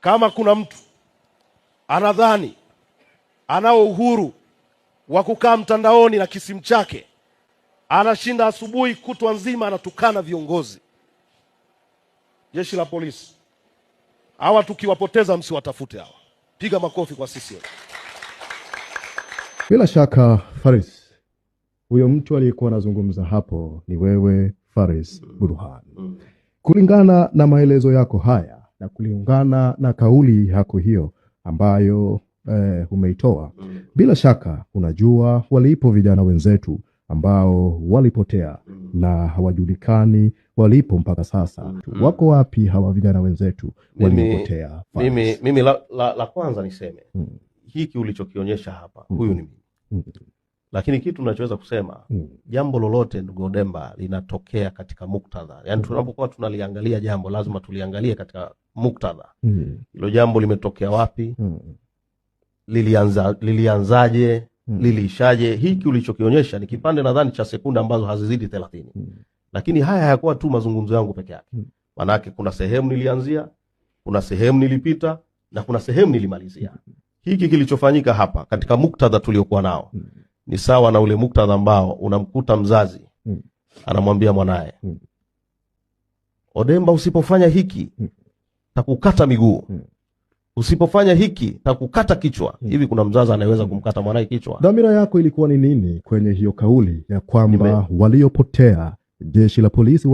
Kama kuna mtu anadhani anao uhuru wa kukaa mtandaoni na kisimu chake, anashinda asubuhi kutwa nzima anatukana viongozi, jeshi la polisi, hawa tukiwapoteza msiwatafute hawa. Piga makofi kwa CCM. Bila shaka Faris, huyo mtu aliyekuwa anazungumza hapo ni wewe Faris Burhan. Mm. Kulingana na maelezo yako haya na kuliungana na kauli yako hiyo ambayo eh, umeitoa. Mm. Bila shaka unajua walipo vijana wenzetu ambao walipotea mm. na hawajulikani walipo mpaka sasa. Mm. mm. Wako wapi hawa vijana wenzetu waliopotea? Mimi, mimi la, la, la kwanza niseme mm. hiki ulichokionyesha hapa mm. huyu ni mimi mm lakini kitu tunachoweza kusema mm. jambo lolote ndugu Odemba linatokea katika muktadha, yani hmm. tunapokuwa tunaliangalia jambo lazima tuliangalie katika muktadha mm. hilo jambo limetokea wapi mm. lilianza, lilianzaje mm. liliishaje. Hiki ulichokionyesha ni kipande nadhani cha sekunde ambazo hazizidi thelathini mm. lakini haya hayakuwa tu mazungumzo yangu peke yake mm. manake kuna sehemu nilianzia, kuna sehemu nilipita na kuna sehemu nilimalizia. Hmm. Hiki kilichofanyika hapa katika muktadha tuliokuwa nao mm ni sawa na ule muktadha ambao unamkuta mzazi hmm. anamwambia mwanaye hmm. Odemba, usipofanya hiki hmm. takukata miguu hmm. usipofanya hiki takukata kichwa hmm. Hivi kuna mzazi anayeweza mm. kumkata mwanaye kichwa? Dhamira yako ilikuwa ni nini kwenye hiyo kauli ya kwamba waliopotea jeshi la polisi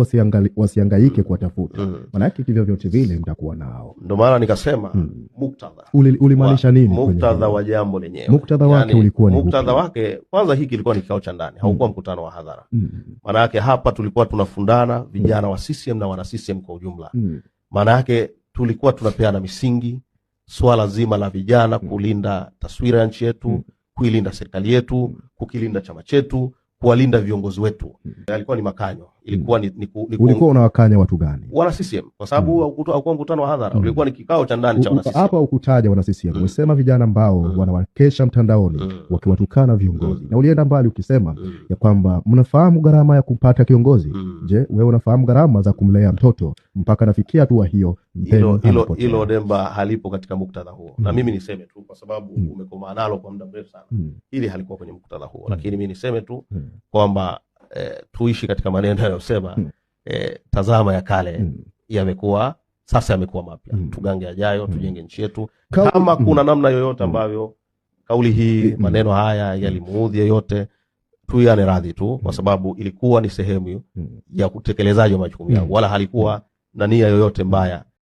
wasiangaike mm. kuwatafuta, mm. maanake kivyovyote vile mtakuwa nao. Ndo maana nikasema mm. muktadha ulimaanisha nini? Muktadha wa jambo lenyewe, muktadha wake yani, ulikuwa ni muktadha wake. Kwanza hiki kilikuwa ni kikao cha ndani, haukuwa mm. mkutano wa hadhara mm. maanake hapa tulikuwa tunafundana mm. vijana wa CCM na wana CCM kwa ujumla mm. maanake tulikuwa tunapeana misingi, swala zima la vijana kulinda taswira ya nchi yetu, kuilinda serikali yetu, kukilinda chama chetu kuwalinda viongozi wetu hmm. Alikuwa ni makanywa hmm. ilikuwa ni, ni, ni ulikuwa unawakanya watu gani? Wana CCM kwa sababu hmm. haukuwa mkutano wa hadhara hmm. Ulikuwa ni kikao cha ndani cha wana CCM. Hapa ukutaja wana CCM, hmm. umesema hmm. vijana ambao hmm. wanawakesha mtandaoni hmm. wakiwatukana viongozi hmm. na ulienda mbali ukisema hmm. ya kwamba mnafahamu gharama ya kumpata kiongozi hmm. Je, wewe unafahamu gharama za kumlea mtoto mpaka nafikia hatua hiyo hilo Demba halipo katika muktadha huo mm. na mimi niseme tu kwa sababu mm. umekomaa nalo kwa muda mrefu sana mm. ili halikuwa kwenye muktadha huo mm. lakini mimi niseme tu mm. kwamba eh, tuishi katika maneno yanayosema mm. eh, tazama ya kale mm. yamekuwa sasa yamekuwa mapya mm. tugange ajayo mm. tujenge nchi yetu kama mm. kuna namna yoyote mm. ambavyo kauli hii mm. maneno haya mm. yalimuudhi yeyote tuyane radhi tu kwa mm. sababu ilikuwa ni sehemu ya utekelezaji wa majukumu yangu wala halikuwa na nia yoyote mbaya